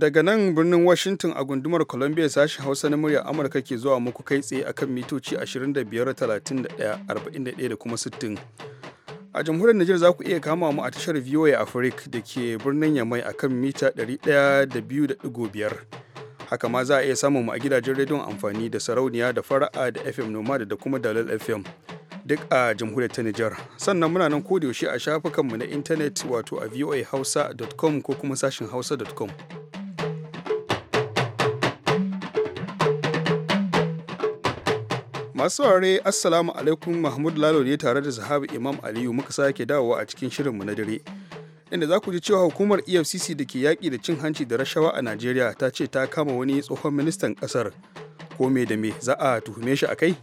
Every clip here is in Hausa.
daga nan birnin Washington a gundumar Columbia sashen Hausa na murya Amurka ke zuwa muku kai tsaye akan mitoci 25, 31, 41 da kuma 60. A jamhuriyar Nijar za ku iya kama mu a tashar VOA Africa da ke birnin Yamai akan mita 102.5. Haka ma za a iya samun mu a gidajen rediyon amfani da sarauniya da fara'a da FM Nomad da kuma dalil FM. duk a jamhuriyar ta Nijar. Sannan muna nan yaushe a shafukanmu na intanet wato a voahausa.com ko kuma sashin hausa.com. masu saurare assalamu alaikum mahmud lalo ne tare da zahabu imam aliyu muka sake dawowa a cikin shirinmu na dare inda za ku ji cewa hukumar efcc da ke yaƙi da cin hanci da rashawa a najeriya ta ce ta kama wani tsohon ministan ƙasar ko me da me za a tuhume shi a kai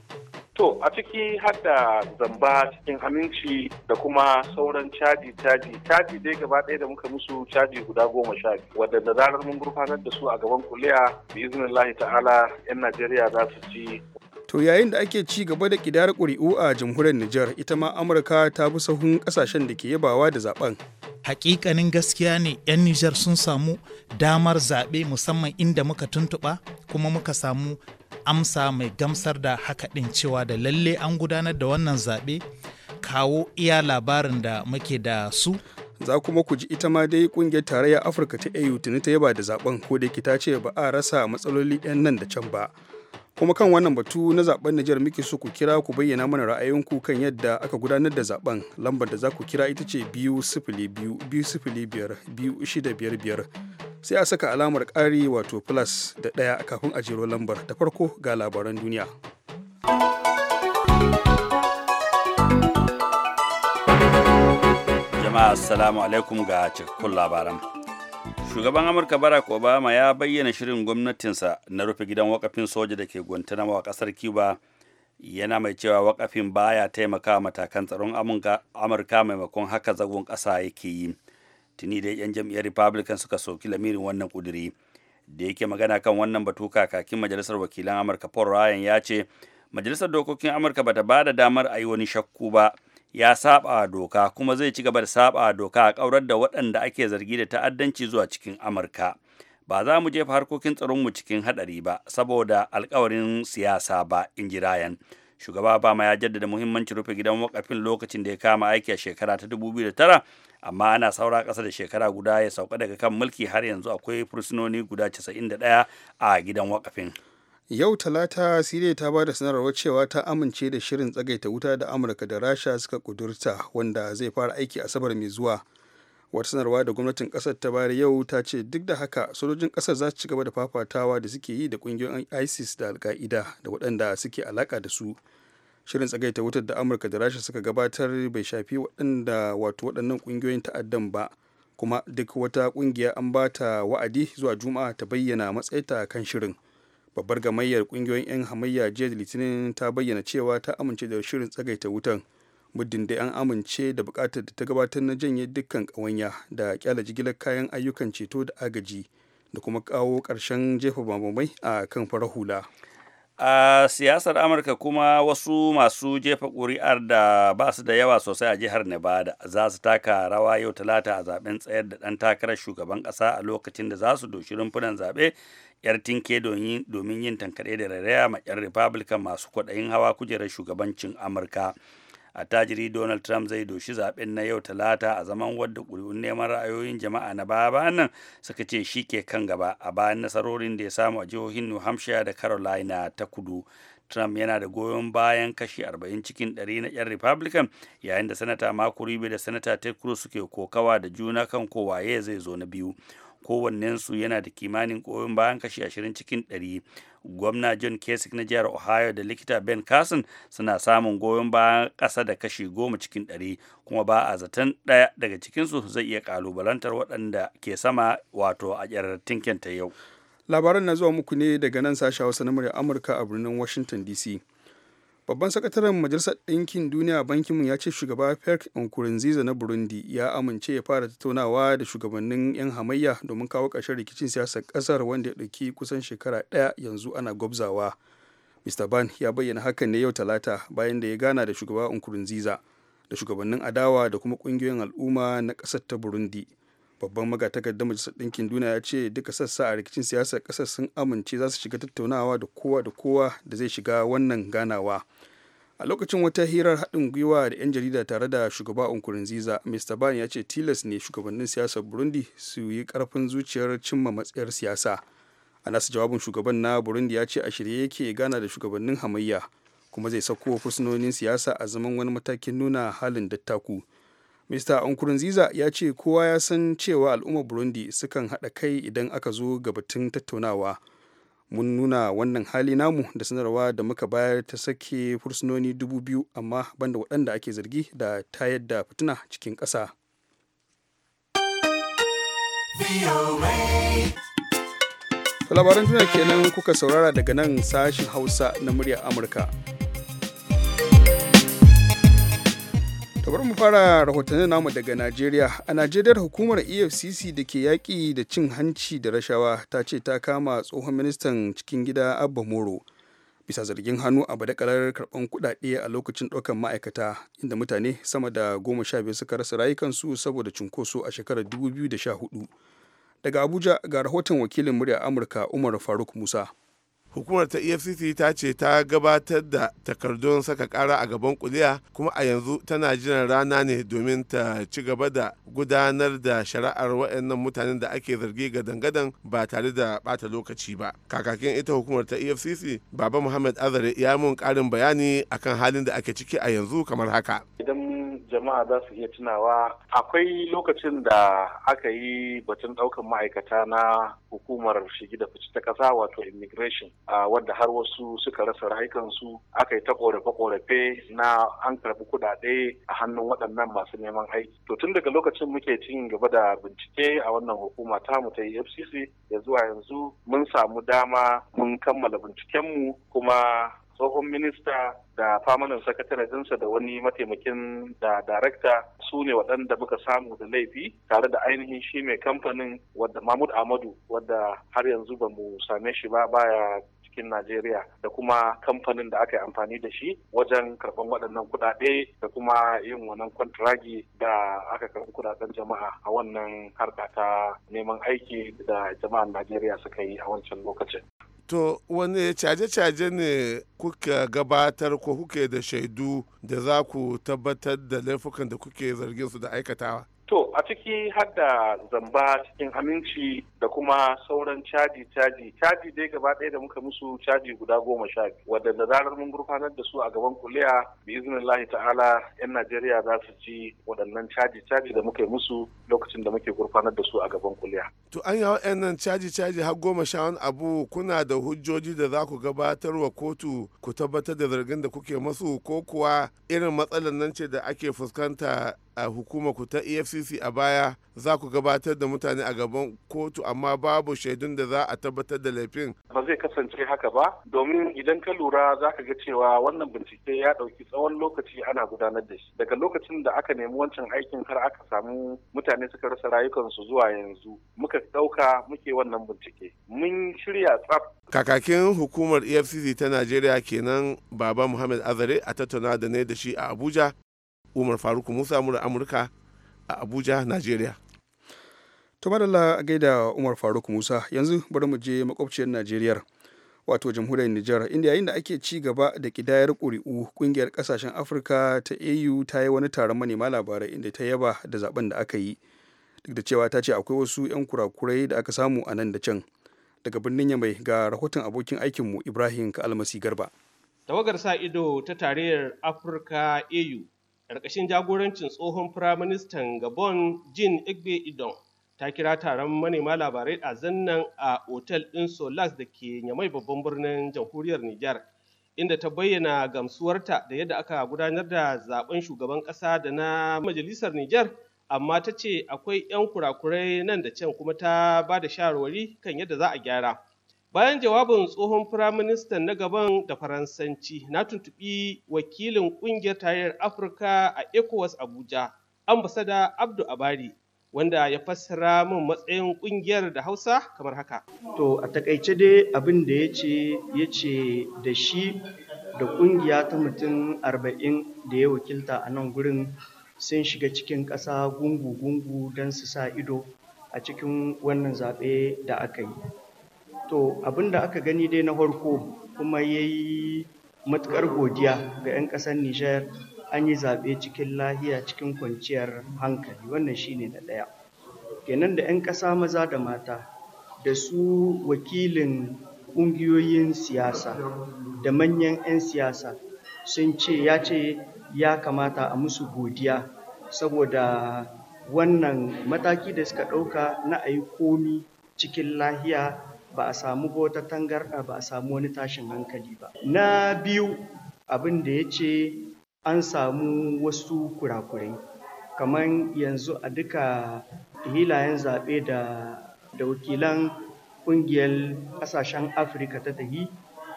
To a ciki hada zamba cikin aminci da kuma sauran caji caji caji dai gaba ɗaya da muka musu caji guda goma sha biyu wadda da zarar mun gurfanar da su a gaban kuliya bi lahi ta'ala 'yan Najeriya za su ci. To yayin da ake ci gaba da kidar ƙuri'u a jamhuriyar Nijar ita ma Amurka ta bi sahun ƙasashen da ke yabawa da zaben. Hakikanin gaskiya ne 'yan Nijar sun samu damar zaɓe musamman inda muka tuntuɓa kuma muka samu amsa mai gamsar da haka ɗin cewa da lalle an gudanar da wannan zaɓe kawo iya labarin da muke da su. za kuma ku ji ita ma dai kungiyar tarayyar afirka ta au tuni ta yaba da zaben ko da ta ce ba a rasa matsaloli 'yan nan da can ba kuma kan wannan batu na zaben Nijar muke so ku kira ku bayyana mana ra'ayinku kan yadda aka gudanar da zaben lambar da za ku kira ita ce biyu sai a saka alamar ƙari wato plus da ɗaya kafin a jero lambar da farko ga labaran duniya. Jama'a assalamu alaikum ga cikakkun labaran. shugaban amurka barack obama ya bayyana shirin gwamnatinsa na rufe gidan wakafin soja da ke guantanamo a kasar cuba yana mai cewa wakafin baya taimakawa matakan tsaron amurka maimakon haka zagon kasa yake yi tuni da 'yan jam'iyyar republican suka soki lamirin wannan kuduri da yake magana kan wannan batu kakakin majalisar wakilan amurka paul ryan ya ce majalisar dokokin amurka bata bada damar a yi wani shakku ba ya saba doka kuma zai ci gaba da saba doka a kaurar da waɗanda ake zargi da ta'addanci zuwa cikin amurka ba za mu jefa harkokin tsaronmu cikin haɗari ba saboda alkawarin siyasa ba in ji rayan shugaba bama ya jaddada muhimmanci rufe gidan wakafin lokacin da ya kama aiki a shekara ta da tara, amma ana saura ƙasa da shekara guda ya sauka daga kan mulki har yanzu akwai fursunoni guda casa'in da 91 a gidan wakafin yau talata siriya ta ba da sanarwar cewa ta amince da shirin tsagaita wuta da amurka da rasha suka kudurta wanda zai fara aiki asabar mai zuwa wata sanarwa da gwamnatin kasar ta bayar yau ta ce duk da haka sojojin kasar za su ci gaba da fafatawa da suke yi da kungiyoyin isis da alka'ida da waɗanda suke alaka da su shirin tsagaita wutar da amurka da rasha suka gabatar bai shafi waɗanda wato waɗannan kungiyoyin ta'addan ba kuma duk wata kungiya an ba ta wa'adi zuwa juma'a ta bayyana matsayinta kan shirin babbar gamayyar kungiyoyin 'yan hamayya jiya litinin ta bayyana cewa ta amince da shirin tsagaita wutan muddin da an amince da bukatar da ta gabatar na janye dukkan kawanya da kyala jigilar kayan ayyukan ceto da agaji da kuma kawo karshen jefa bambamai a kan farar hula a siyasar amurka kuma wasu masu jefa ƙuri'ar da ba su da yawa sosai a jihar nevada za su taka rawa yau talata a zaben tsayar da ɗan takarar shugaban ƙasa a lokacin da za su doshi rumfunan zaɓe yar tinke domin yin tankaɗe da raraya ma 'yan republican masu kwaɗayin hawa kujerar shugabancin amurka attajiri donald trump zai doshi zaben na yau talata a zaman wadda kuri'un neman ra'ayoyin jama'a na baya nan suka ce shi ke kan gaba a bayan nasarorin da ya samu a jihohin new hampshire da carolina ta kudu Trump yana da goyon bayan kashi 40 cikin 100 na 'yan Republican yayin da Sanata mako Rubio da Sanata Ted Cruz suke kokawa da juna kan kowaye zai zo na biyu. Kowannensu yana da kimanin goyon bayan kashi 20 cikin 100 gwamna john kasich na jihar ohio da likita ben carson suna samun goyon bayan ƙasa da kashi goma cikin ɗari kuma ba a zaton ɗaya daga cikinsu zai iya ƙalubalantar waɗanda ke sama wato a tinkin ta yau labaran na zuwa muku ne daga nan sashen hausa na murya amurka a birnin washington dc babban sakataren majalisar ɗinkin duniya bankinmu ya ce shugaba perk nkurunziza na burundi ya amince ya fara tattaunawa da shugabannin 'yan hamayya domin kawo ƙarshen rikicin siyasar ƙasar wanda ya ɗauki kusan shekara ɗaya yanzu ana gwabzawa mr ban ya bayyana hakan ne yau talata bayan da ya gana da shugaba nkurunziza da shugabannin adawa da kuma ƙungiyoyin al'umma na ƙasar ta burundi babban magatakardar majalisar ɗinkin duniya ya ce duka sassa a rikicin siyasar ƙasar sun amince za su shiga tattaunawa da kowa da kowa da zai shiga wannan ganawa a lokacin wata hirar haɗin gwiwa da 'yan jarida tare da shugaba nkurunziza mr ban ya ce tilas ne shugabannin siyasar burundi su yi karfin zuciyar cimma matsayar siyasa a nasu jawabin shugaban na burundi ya ce a shirye yake gana da shugabannin hamayya kuma zai sauko fursunonin siyasa a zaman wani matakin nuna halin dattaku mista nkurunziza ya ce kowa ya san cewa al'ummar burundi sukan haɗa kai idan aka zo ga batun tattaunawa mun nuna wannan hali namu da sanarwa da muka bayar ta sake fursunoni dubu biyu amma banda waɗanda ake zargi da tayar da fitina cikin ƙasa labaran tuna kenan kuka saurara daga nan sashen hausa na muryar amurka bari mu fara rahotanni namu daga najeriya a najeriyar hukumar efcc da ke yaƙi da cin hanci da rashawa ta ce ta kama tsohon ministan cikin gida abba moro bisa zargin hannu a badakalar karɓar kuɗaɗe a lokacin ɗaukar ma'aikata inda mutane sama da goma sha biyu suka rasa rayukansu saboda cunkoso a shekarar 2014 daga abuja ga rahoton wakilin murya amurka umar faruk musa hukumar ta efcc ta ce ta gabatar da takardun saka kara a gaban kuliya kuma a yanzu tana jiran rana ne domin ta ci gaba da gudanar da shari'ar wa'annan mutanen da ake zargi ga dangadan ba tare da bata lokaci ba kakakin ita hukumar ta efcc baba muhammad azare ya mun karin bayani akan halin da ake ciki a yanzu kamar haka jama'a za su iya tunawa akwai lokacin da aka yi batun ɗaukan ma'aikata na hukumar shigi da fice ta ƙasa wato immigration wadda har wasu suka rasa rayukansu aka yi ta korafe-korafe na an karbi kudade a hannun waɗannan masu neman aiki to tun daga lokacin muke cin gaba da bincike a wannan hukuma mu ta e fcc ya zuwa yanzu mun samu dama mun kammala binciken mu kuma tsohon minista da famanin dinsa da wani mataimakin da darakta su ne waɗanda muka samu da laifi tare da ainihin shi mai kamfanin wadda mahmud amadu wadda har yanzu ba mu same shi ba baya cikin Najeriya da kuma kamfanin da aka yi amfani da shi wajen karɓar waɗannan kuɗaɗe da kuma yin wannan kwantiragi da aka karɓi kuɗaɗen jama'a a wannan harka ta neman aiki da jama'an Najeriya suka yi a wancan lokacin. to wani caje-caje ne kuka gabatar ko kuke da shaidu da za ku tabbatar da laifukan da kuke zargin su da aikatawa To a ciki hadda zamba cikin aminci da kuma sauran caji caji caji dai gaba ɗaya da muka musu caji guda goma sha biyu wadanda zarar mun gurfanar da su a gaban kuliya bi lahi ta'ala yan Najeriya za su ji waɗannan caji caji da muka musu lokacin da muke gurfanar da su a gaban kuliya. To an yi yan nan caji caji har goma sha wani abu kuna da hujjoji da za ku gabatar wa kotu ku tabbatar da zargin da kuke masu ko kuwa irin matsalar nan ce da ake fuskanta a hukumar ku ta efcc a baya za ku gabatar da mutane a gaban kotu amma babu shaidun da za a tabbatar da laifin ba zai kasance haka ba domin idan ka lura za ka ga cewa wannan bincike ya ɗauki tsawon lokaci ana gudanar da shi daga lokacin da aka nemi wancan aikin kar aka samu mutane suka rasa rayukansu zuwa yanzu muka ɗauka muke wannan bincike mun shirya tsaf kakakin hukumar efcc ta najeriya kenan baba muhammad azare a tattauna da ne da shi a abuja umar faruk musa mura amurka a abuja nigeria to madalla gaida umar faruk musa yanzu bari mu je makwabciyar najeriya wato jamhuriyar Nijar inda yayin da ake ci gaba da kidayar ƙuri'u ƙungiyar ƙasashen Afirka ta AU ta yi wani taron manema labarai inda ta yaba da zaben da aka yi duk da cewa ta ce akwai wasu 'yan kurakurai da aka samu a nan da can daga birnin Yamai ga rahoton abokin aikinmu Ibrahim Almasi Garba tawagar sa ido ta tarayyar Afirka AU ƙarƙashin jagorancin tsohon firaministan gabon jean egbe idon ta kira taron manema labarai a zannan a otel ɗin solas da ke nyamai babban birnin jamhuriyar nijar inda ta bayyana gamsuwarta da yadda aka gudanar da zaben shugaban ƙasa da na majalisar nijar amma ta ce akwai 'yan kurakurai nan da can kuma ta ba da shawarwari kan yadda za a gyara Bayan jawabin tsohon firaministan na gaban da Faransanci, na tuntuɓi wakilin ƙungiyar tarayyar Afirka a ECOWAS Abuja, ambasada Abdu Abari, wanda ya fassara min matsayin ƙungiyar da Hausa kamar haka. To, a takaice dai abin da ya ya ce da shi da ƙungiya ta mutum arba'in da ya wakilta a nan gurin sun shiga cikin ƙasa gungu-gungu don su sa ido a cikin wannan zaɓe da aka yi. to abin da aka gani dai na farko kuma ya yi matuƙar godiya ga 'yan ƙasar nijar an yi zaɓe cikin lahiya cikin kwanciyar hankali wannan shi ne na ɗaya kenan da 'yan ƙasa maza da mata da su wakilin ƙungiyoyin siyasa da manyan 'yan siyasa sun ce ya ce ya kamata a musu godiya saboda wannan mataki da suka ɗauka na a yi komi cikin lahiya ba a samu wata tangarɗa ba a samu wani tashin hankali ba na biyu abin da ya ce an samu wasu kurakurai kamar yanzu a duka hilayen zaɓe da da wakilan ƙungiyar ƙasashen afirka ta tahi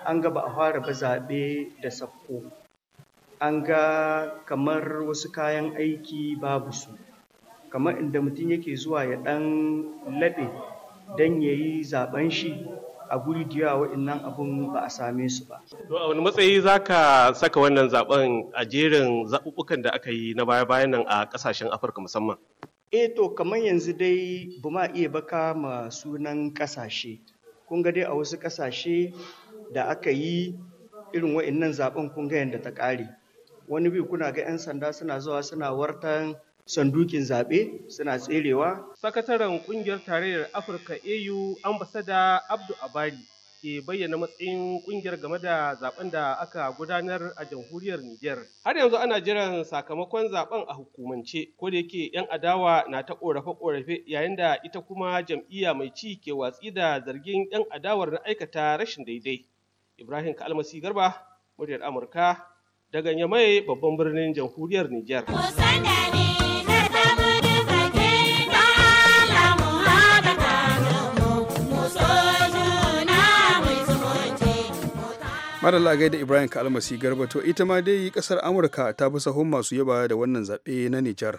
an ga ba a fara ba zaɓe da sabko. an ga kamar wasu kayan aiki babu su kamar inda mutum yake zuwa ya ɗan laɓe don ya yi zaben shi a guri da yawa waɗannan abun ba a same su ba. To a wani matsayi za ka saka wannan zaben a jerin zaɓuɓɓukan da aka yi na baya-bayan nan a ƙasashen Afirka musamman? Eh to kamar yanzu dai ba ma iya baka ma sunan ƙasashe. Kun ga dai a wasu ƙasashe da aka yi irin waɗannan zaben kun ga yadda ta ƙare. Wani bi kuna ga 'yan sanda suna zuwa suna wartan sandukin zaɓe suna tserewa. Sakataren ƙungiyar tarayyar Afirka AU ambasada Abdu Abari ke bayyana matsayin ƙungiyar game da zaben da aka gudanar a jamhuriyar Nijar. Har yanzu ana jiran sakamakon zaben a hukumance, ko da yake 'yan adawa na ta ƙorafe-ƙorafe yayin da ita kuma jam'iyya mai ci ke watsi da zargin 'yan adawar na aikata rashin daidai. Ibrahim Kalmasi Garba, muryar Amurka, daga Nyamai babban birnin jamhuriyar Nijar. madalla da ibrahim kalmasi garba to ita ma dai kasar amurka ta fi sahun masu yaba da wannan zaɓe na nijar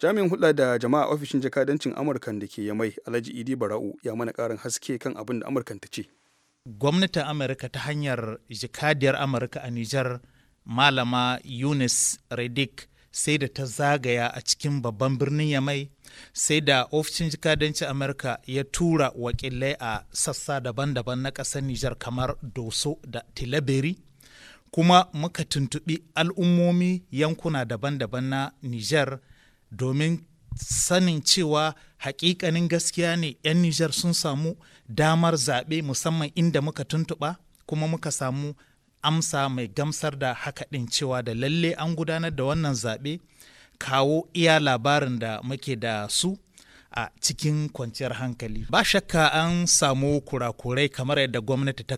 jami'in hulɗa da jama'a ofishin jakadancin amurka da ke yamai alhaji idi bara'u ya mana ƙarin haske kan abin da amurkanta ta ce gwamnatin amurka ta hanyar jakadiyar amurka a nijar malama yunis redick sai da ta zagaya a cikin babban birnin yamai sai da ofishin jikadanci amurka ya tura wakilai a sassa daban-daban na ƙasar nijar kamar doso da tilaberi kuma muka tuntuɓi al'ummomi yankuna daban-daban na nijar domin sanin cewa hakikanin gaskiya ne 'yan nijar sun samu damar zaɓe musamman inda muka tuntuɓa kuma muka samu amsa mai gamsar da haka ɗin cewa da lalle an gudanar da wannan zaɓe kawo iya labarin da muke da su a cikin kwanciyar hankali ba shakka an samu kurakurai kamar yadda gwamnati ta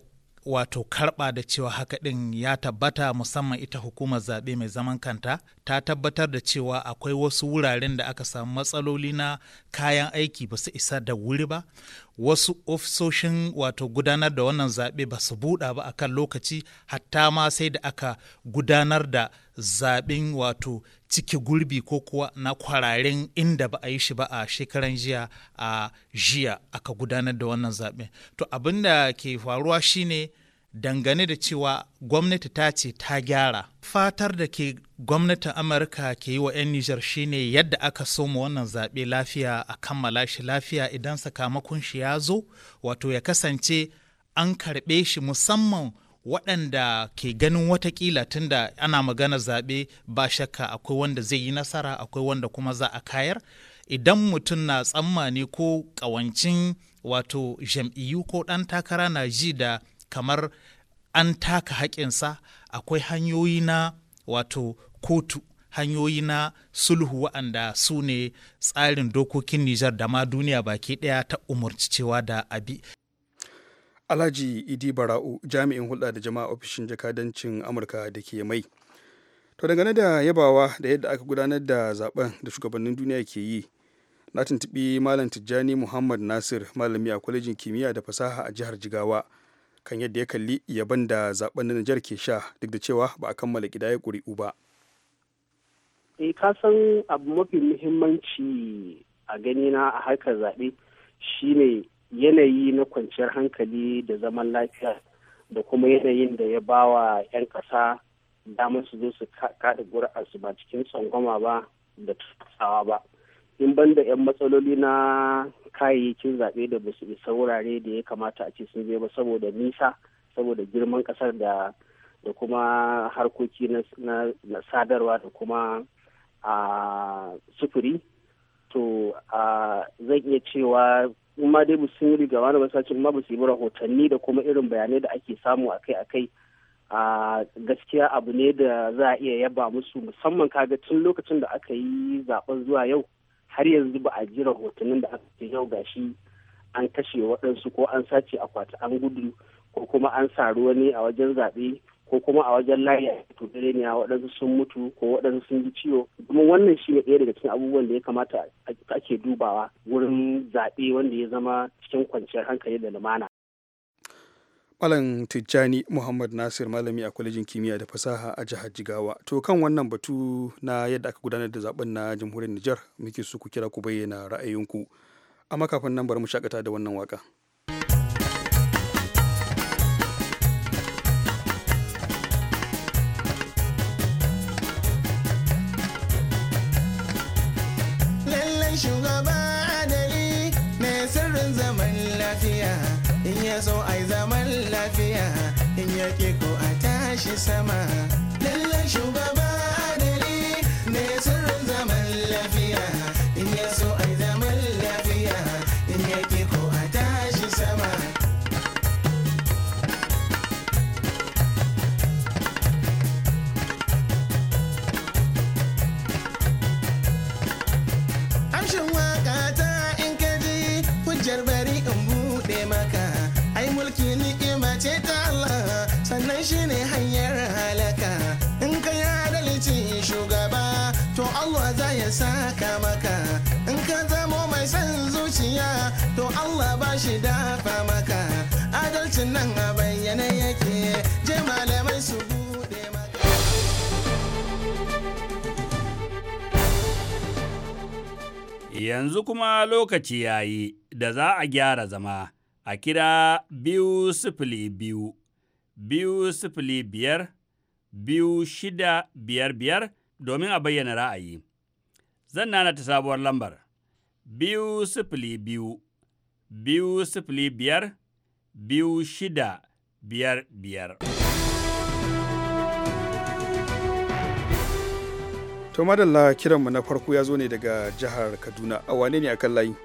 wato karɓa da cewa haka ɗin ya tabbata musamman ita hukumar zaɓe mai zaman kanta ta tabbatar da cewa akwai wasu wuraren da aka samu matsaloli na kayan aiki ba su isa da wuri ba wasu ofisoshin wato gudanar da wannan zaɓe ba su buɗa ba a kan lokaci hatta ma sai da aka gudanar da zaɓen wato ciki gurbi ko kuwa na kwararin inda ba a yi shi ba a shekaran jiya a jiya aka gudanar da wannan zaɓe to abin da ke faruwa shine dangane da cewa gwamnati ta ce ta gyara fatar da ke gwamnatin amurka ke yi wa 'yan nijar shine yadda aka soma wannan zaɓe lafiya a kammala shi lafiya idan sakamakon shi ya zo wato ya kasance an karɓe shi musamman waɗanda ke ganin watakila tunda ana magana zaɓe ba shakka akwai wanda zai yi nasara akwai wanda kuma za a kayar idan mutum na tsammani ko ƙawancin wato jam'iyyu ko ɗan takara na ji da kamar an taka haƙinsa akwai hanyoyi na wato kotu hanyoyi na sulhu waɗanda su ne tsarin dokokin Nijar da ma duniya baki ɗaya ta umarci cewa da abi. Alhaji Idi Bara'u jami'in hulɗa da jama'a ofishin jakadancin Amurka da ke mai. To dangane da yabawa da yadda aka gudanar da zaben da shugabannin duniya ke yi, na tuntuɓi Malam Tijjani Muhammad Nasir malami a kwalejin kimiyya da fasaha a jihar Jigawa. kan yadda ya kalli yaban da zaben na Nijar ke sha duk da cewa ba a kammala ƙidaya ƙuri'u ba. Eh ka san abu mafi muhimmanci a gani na a harkar zaɓe shine yanayi na kwanciyar hankali da zaman lafiya da kuma yanayin da ya ba wa 'yan ƙasa damar su zo su kaɗa ƙuri'arsu ba cikin tsangwama ba da tutsawa ba. in ban da 'yan matsaloli na kayayyakin zaɓe da ba su isa wurare da ya kamata a ce sun je ba saboda nisa saboda girman ƙasar da da kuma harkoki na sadarwa da kuma a sufuri to zan iya cewa in ma dai sun yi rigama da masashi ma ba su yi rahotanni da kuma irin bayanai da ake samu akai-akai a gaskiya abu ne da za a iya yaba musu musamman kaga tun lokacin da aka yi zaben zuwa yau har yanzu ba a ji rahotannin da aka ce yau gashi an kashe waɗansu ko an sace akwati an gudu ko kuma an ruwa wani a wajen zaɓe ko kuma a wajen layi a tudare ne waɗansu sun mutu ko waɗansu sun ji ciwo domin wannan shi ne ɗaya daga cikin abubuwan da ya kamata ake dubawa wurin zaɓe wanda ya zama cikin kwanciyar hankali da lumana Malam Tijjani Muhammad Nasir malami a kwalejin kimiyya da fasaha a jihar Jigawa. To kan wannan batu na yadda aka gudanar da zaben na jamhuriyar Nijar muke so ku kira ku bayyana ra'ayinku. Amma kafin nan bari mu shakata da wannan waka. semana. shi adalcin nan a bayyane yake je su bude maka yanzu kuma lokaci ya yi da za a gyara zama a kira biyu sifili biyu biyu sifili biyar biyu shida biyar biyar domin a bayyana ra'ayi zan nana ta sabuwar lambar biyu sifili biyu biyu sifili biyar biyu shida biyar biyar. To madalla kiranmu na farko ya zo ne daga jihar Kaduna a wane ne akan layi?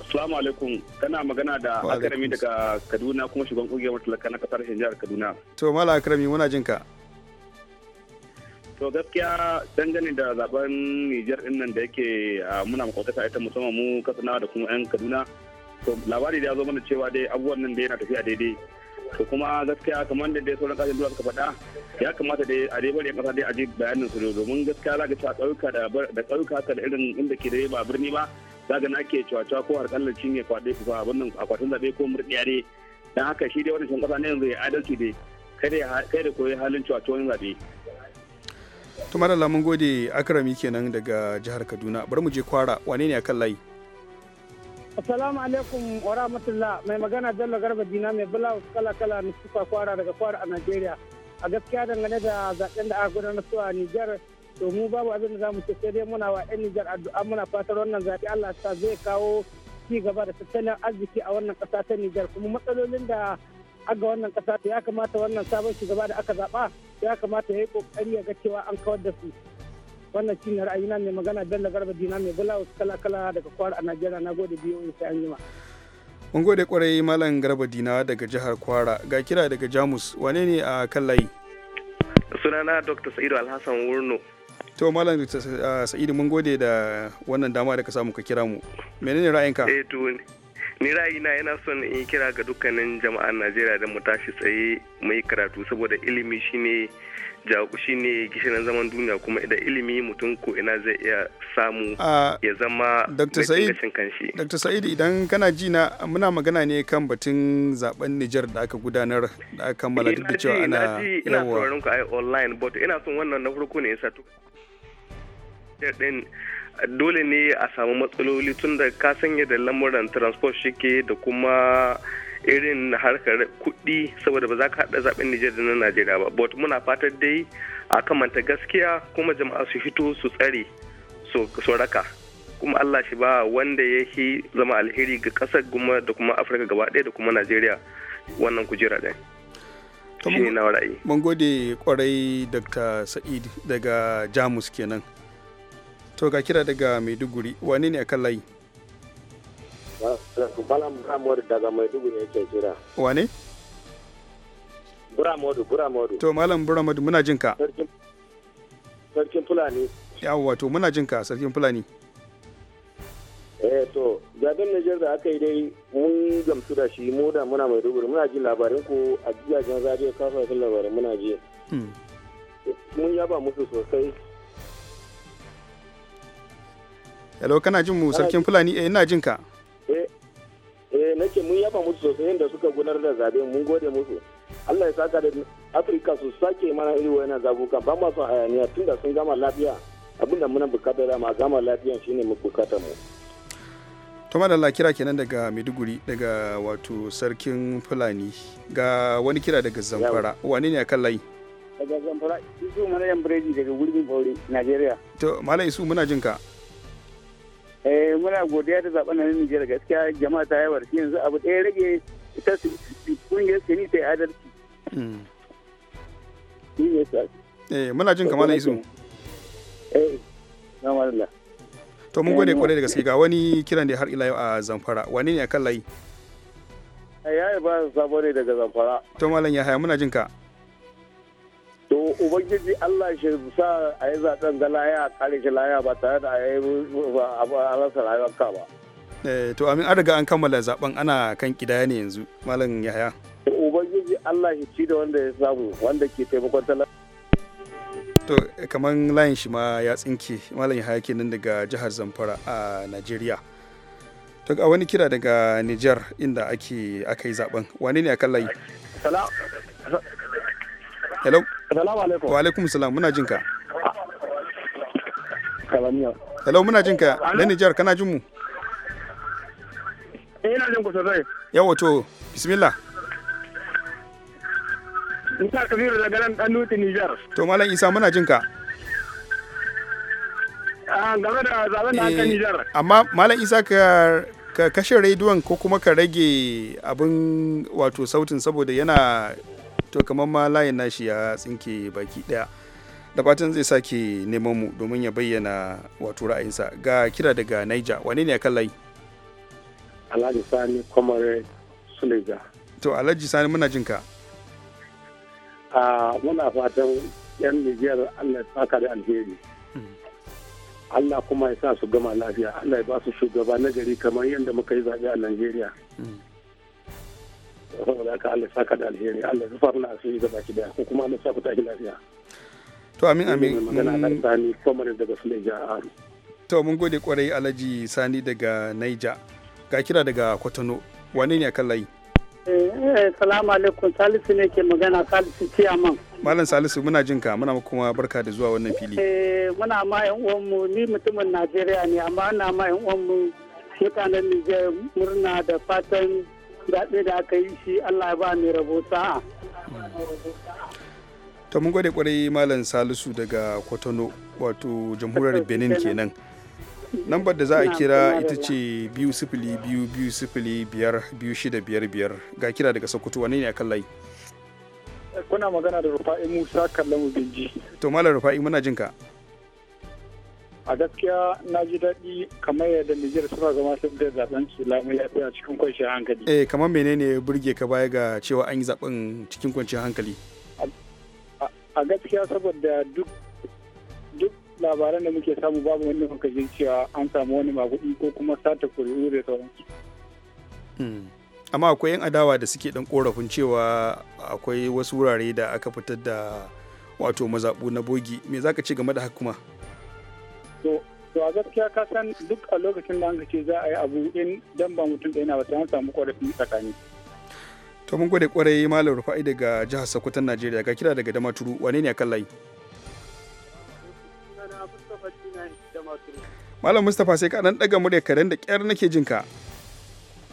Assalamu alaikum kana magana da Akarami daga Kaduna kuma shugaban kungiyar matalaka na kasar jihar Kaduna. To mala Akarami muna jinka. ka. to gaskiya dangane da zaben Nijar din nan da yake muna makwatata ita musamman mu kasana da kuma 'yan Kaduna to labari da ya zo mana cewa dai abubuwan nan da yana tafiya daidai to kuma gaskiya kamar da dai sauran kasashen duniya suka faɗa ya kamata dai a dai bari kasa dai a ji bayanin su domin gaskiya za ka a ƙauyuka da ƙauyuka haka da irin inda ke da ba birni ba za ka na ke cewa ko har harƙallar cinye kwaɗe ko fa nan akwatin zaɓe ko murɗiya dai dan haka shi dai wannan shan kasa ne yanzu ya adalci dai kai da koyi halin cewa zaɓe tumar da mun gode akrami kenan daga jihar kaduna bari mu je kwara wane ne akan layi assalamu alaikum wa rahmatullah mai magana jalla garba dina mai bula kala kala na suka kwara daga kwara a najeriya a gaskiya dangane da zaɓen da aka gudanar su a niger to mu babu abin da za mu ce sai dai muna wa yan niger addu'a muna fatar wannan zaɓe allah sa zai kawo ci gaba da tattalin arziki a wannan ƙasa ta niger kuma matsalolin da aga wannan ƙasa ta ya kamata wannan sabon shugaba da aka zaɓa ya kamata ya yi kokari ya ga cewa an kawar da su wannan shi ne ra'ayina mai magana bello garba dina mai bula wasu kala-kala daga kwara a najeriya na gode biyu sai an jima. mun gode kwarai malam garba dina daga jihar kwara ga kira daga jamus wane ne a kan layi. sunana dr sa'idu alhassan wurno. to malam dr sa'idu mun gode da wannan dama da ka samu ka kira mu menene ra'ayinka. eh to ni ra'ayina yana son in kira ga dukkanin jama'an najeriya da mu tashi tsaye mu yi karatu saboda ilimi shine jawabu shine gishirin zaman duniya kuma idan ilimi mutum ko ina zai iya samu ya zama dr sa'id dr sa'id idan kana ji na muna magana ne kan batun zaben niger da aka gudanar da aka kammala duk da cewa ana ina sauraron ku ai online but ina son wannan na farko ne yasa to din dole ne a samu matsaloli tun da ka sanya da lamuran transport shike da kuma irin harkar kuɗi saboda ba za ka haɗa zaɓen Nijar da na Najeriya ba. But muna fatan dai a kamanta gaskiya kuma jama'a su fito su tsare su raka. Kuma Allah shi ba wanda ya yi zama alheri ga kasar kuma da kuma Afirka gaba ɗaya da kuma Najeriya wannan kujera ɗaya. Shi na ra'ayi. Mun gode kwarai Dr. Sa'id daga Jamus kenan. to ga kira daga maiduguri wane ne a kan layi Wane? Buramodu, Buramodu. To, Malam Buramodu muna jin ka. Sarkin Fulani. Yawwa, to muna jin ka Sarkin Fulani. Eh to, zaben Nijar da aka yi dai mun gamsu da shi mu da muna Maiduguri muna jin labarin ku a gidajen radio kafafen labarin muna ji. Hmm. Mun yaba musu sosai hello kana jin mu sarkin fulani eh ina jin ka eh, eh nake mun yaba musu sosai yadda suka gudanar da zabe mun gode musu Allah ya saka da Afirka su sake mana iri wannan zabuka ba ma son hayaniya tunda sun gama lafiya abinda muna bukata da ma gama lafiya shine mu bukata mu to madalla kira kenan daga Maiduguri daga wato sarkin Fulani ga wani kira daga Zamfara wane ne akan layi daga Zamfara Isu yan Bredi daga gurbin bauri Najeriya to Malam Isu muna jin ka eh muna godiya da zaben nan Nijar gaskiya jama'a ta yawar shi yanzu abu ɗaya rage ita su yi sani ta adalci hmm. eh muna jin kamar isu eh na Allah to mun gode eh, kwarai da gaske ga wani kiran da har ila yau a Zamfara wani ne akan layi eh, ya ba sabo ne daga Zamfara to malam ya haya muna jin ka to ubangiji Allah shi sa a yi zaɓen ga laya a kare shi laya ba tare da a yi rasa rayuwar ka ba. Eh, to amin an riga an kammala zaɓen ana kan kidaya ne yanzu malam yaya. ubangiji Allah shi ci da wanda ya samu wanda ke taimakon talaka. to kamar layin shi ma ya tsinke malam yahaya kenan daga jihar zamfara a najeriya to ga wani kira daga niger inda ake aka yi zaɓen, wane ne a kan layi hello Salamu alaikum. Wa alaikum salam muna jinka. Kalamiya. Hello muna jinka na Nijar kana jin mu? Eh, ina jin ku sosai. Yawo to bismillah. Isa Kabiru daga nan dan Nuti Nijar. To Malam Isa muna jinka. Ah, game da zaben da aka eh, Nijar. Amma Malam Isa ka ka kashe rediyon ko kuma ka rage abin wato sautin saboda yana to kamar ma layin nashi ya tsinke baki daya da fatan zai sake neman mu domin ya bayyana wato ra'ayinsa ga kira daga naija wane ne kan layi Alhaji Sani kwamar Suleja to Alhaji Sani muna jinka a muna fatan yan nijiyar Allah ya saka da alheri hmm. Allah kuma ya sa su gama lafiya Allah ya ba su shugaba na gari kamar yadda muka yi zaɓe a Najeriya. Hmm. saboda haka Allah saka da alheri Allah rufa mana asiri ga baki daya ko kuma Allah saka ta lafiya to amin amin magana da mm. sani kwamar daga Suleja Aru to mun gode kwarai Alhaji Sani daga naija. ga kira daga Kwatano wane ne a kan layi eh, eh, Salamu alaikum Salisu ne ke magana Salisu Ciyaman. Malam Salisu muna jin ka muna kuma barka da zuwa wannan fili. Eh, muna ma yan uwanmu ni mutumin Najeriya ne amma ana ma yan uwanmu mutanen Nijar murna da fatan daɗe da aka yi shi Allah ya ba mai rabo sa'a. ta mun gwada kwarai malam salisu daga kwatano wato jamhuriyar benin kenan lambar da za a kira ita ce biyu sifili biyu biyu sifili biyar biyu shida biyar biyar ga kira daga sokoto wani ne a kallai? layi kuna magana da rufa'i musa kallamu binji to malam rufa'i muna jinka ka a gaskiya na ji daɗi kamar yadda Nijar suna zama sun da zaben su lamu lafiya cikin kwanciyar hankali. Eh kamar menene ya burge ka baya ga cewa an yi zaɓen cikin kwanciyar hankali? A gaskiya saboda duk duk labaran da muke samu babu wani muka jin cewa an samu wani maguɗi ko kuma sata kuri'u da sauransu. Hmm. Amma akwai 'yan adawa da suke dan korafin cewa akwai wasu wurare da aka fitar da wato mazaɓu na bogi me zaka ce game da haka kuma? to a gaskiya ka san duk a lokacin da an ce za a yi abu in dan ba mutum da na ba sai an samu ƙorafi tsakani to mun gode kwarai malam rufa'i daga jihar sokoton najeriya ga kira daga damaturu wane ne a kan layi malam mustapha sai ka nan daga murya karen da kyar nake jin ka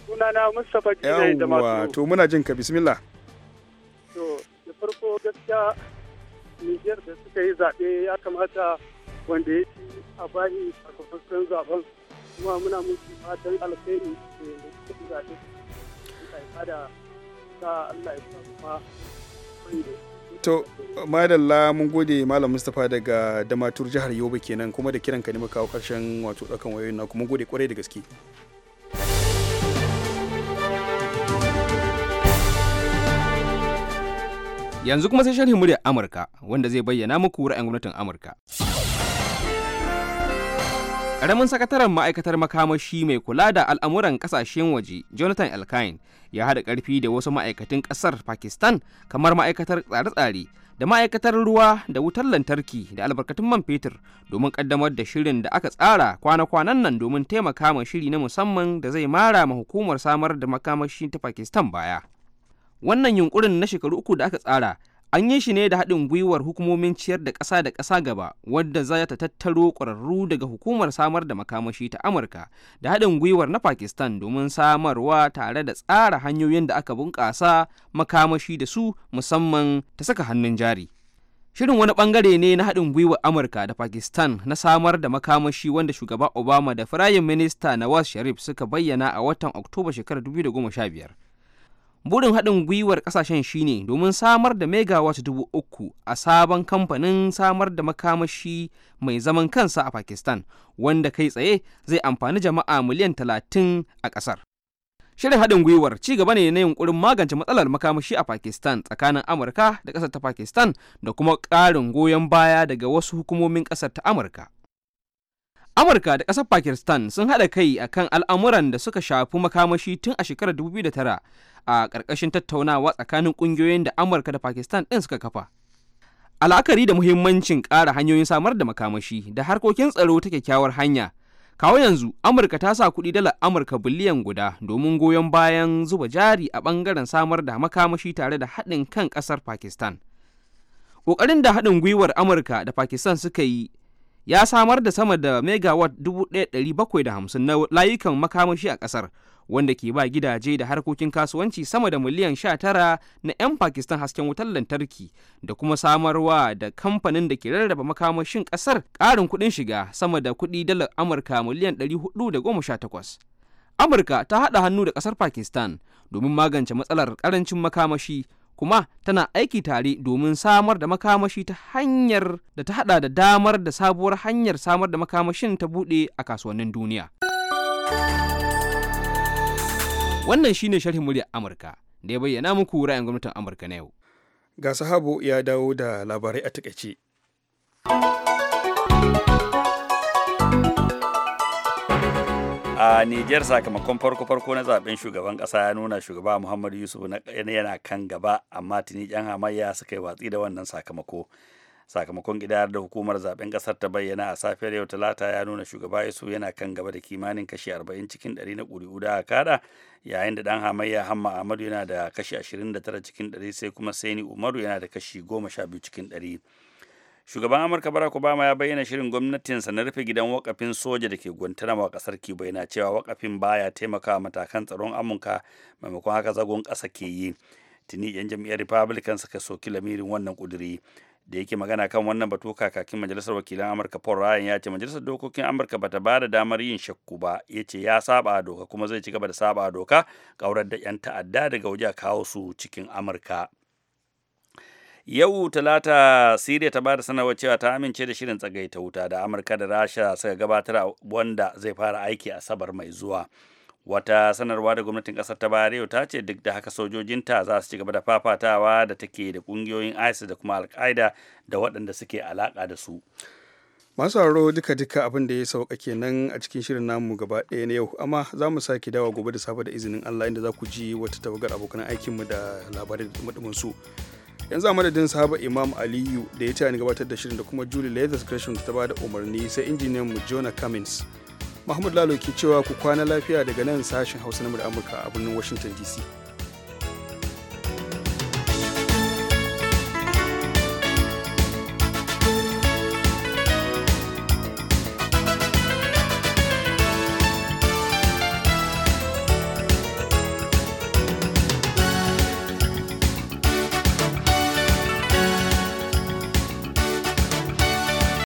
sunana mustapha jinai da maturu to muna jin ka bismillah to da farko gaskiya niger da suka yi zaɓe ya kamata wanda ya ci a bashi zaben kuma muna musu fatan alkhairi da suke zaɓe da sa Allah ya kuma To, madalla mun gode Malam Mustapha daga Damatur jihar Yobe kenan kuma da kiran ka ne kawo karshen wato ɗaukan wayoyin naku mun gode kwarai da gaske. Yanzu kuma sai sharhin da Amurka wanda zai bayyana muku ra'ayin gwamnatin Amurka. Karamin sakataren ma'aikatar makamashi mai kula da al'amuran kasashen waje Jonathan Elkain ya hada ƙarfi da wasu ma'aikatan ƙasar Pakistan kamar ma'aikatar tsare-tsare da ma'aikatar ruwa da wutar lantarki da albarkatun man fetur domin ƙaddamar da shirin da aka tsara kwana-kwanan nan domin taimaka ma shiri na musamman da zai mara ma hukumar samar da makamashi ta Pakistan baya. Wannan yunkurin na shekaru uku da aka tsara an yi shi ne da haɗin gwiwar hukumomin ciyar da ƙasa da ƙasa gaba wadda za ta tattaro ƙwararru daga hukumar samar da makamashi ta amurka da haɗin gwiwar na pakistan domin samarwa tare da tsara hanyoyin da aka bunƙasa makamashi da su musamman ta saka hannun jari shirin wani bangare ne na haɗin gwiwar amurka da pakistan na samar da makamashi wanda shugaba obama da firayim minista nawaz sharif suka bayyana a watan oktoba shekarar 2015 burin haɗin gwiwar ƙasashen shine domin samar da megawatt dubu uku a sabon kamfanin samar da makamashi mai zaman kansa a pakistan wanda kai tsaye zai amfani jama'a miliyan talatin a ƙasar shirin haɗin gwiwar ci gaba ne na yunkurin magance matsalar makamashi a pakistan tsakanin amurka da ƙasar ta pakistan da kuma ƙarin goyon baya daga wasu hukumomin ƙasar ta amurka Amurka da ƙasar Pakistan sun haɗa kai a kan al'amuran da suka shafi makamashi tun a shekarar 2009 a ƙarƙashin tattaunawa tsakanin ƙungiyoyin da Amurka da Pakistan ɗin suka kafa. Al'akari da muhimmancin ƙara hanyoyin samar da makamashi da harkokin tsaro ta kyakkyawar hanya. Kawo yanzu Amurka ta sa kuɗi dala Amurka biliyan guda domin goyon bayan zuba jari a ɓangaren samar da makamashi tare da haɗin kan ƙasar Pakistan. Ƙoƙarin da haɗin gwiwar Amurka da Pakistan suka yi ya samar da sama da megawatt 1,750 na layukan makamashi a ƙasar wanda ke ba gidaje da harkokin kasuwanci sama da miliyan 19 na 'yan pakistan hasken wutar lantarki da kuma samarwa da kamfanin da ke rarraba makamashin kasar ƙarin kuɗin shiga sama da kuɗi dalar amurka miliyan 418 amurka ta haɗa hannu da ƙasar pakistan domin magance matsalar ƙarancin makamashi kuma tana aiki tare domin samar da makamashi ta hanyar da ta hada da damar da sabuwar hanyar samar da makamashin ta bude a kasuwannin duniya. Wannan shine sharhin muryar Amurka da ya bayyana muku ra'ayin gwamnatin Amurka na yau. Ga sahabo ya dawo da labarai a takaice. a nijar sakamakon farko-farko na zaben shugaban kasa ya nuna shugaba muhammadu yusuf yana kan gaba amma tuni yan hamayya suka yi watsi da wannan sakamako sakamakon gidayar da hukumar zaben kasar ta bayyana a safiyar yau talata ya nuna shugaba yusuf yana kan gaba da kimanin kashi 40 cikin 100 na ƙuri'u da kada yayin da ɗan hamayya hamma ahmadu yana da kashi 29 cikin 100 sai kuma saini umaru yana da kashi 12 cikin 100 shugaban amurka barack obama ya bayyana shirin gwamnatinsa na rufe gidan wakafin soja da ke guantanamo a kasar cuba yana cewa wakafin baya taimakawa matakan tsaron amurka maimakon haka zagon kasa ke yi tuni yan jam'iyyar republican suka soki lamirin wannan kuduri da yake magana kan wannan batu kakakin majalisar wakilan amurka paul ryan ya ce majalisar dokokin amurka bata ba da damar yin shakku ba ya ce ya saba doka kuma zai ci gaba da saba doka kaurar da 'yan ta'adda daga waje a kawo su cikin amurka yau talata siriya ta bada sanarwar cewa ta amince da shirin tsagaita wuta da amurka da rasha suka gabatar wanda zai fara aiki a sabar mai zuwa wata sanarwa da gwamnatin kasar ta bayar yau ta ce duk da haka sojojinta za su ci gaba da fafatawa da take da kungiyoyin isis da kuma alkaida da waɗanda suke alaka da su masu haro duka-duka abin da ya sauka kenan a cikin shirin namu gaba ɗaya na yau amma za mu sake dawa gobe da safe da izinin allah inda za ku ji wata tawagar abokan aikinmu da labarai da su yanzu a madadin sahaba imam aliyu da ya ta ni gabatar da shirin da kuma julie leathers gresham ta ba da umarni sai injiniyan mu jona cummins mahmud lalo ke cewa ku kwana lafiya daga nan sashen hausa na amurka a birnin washington dc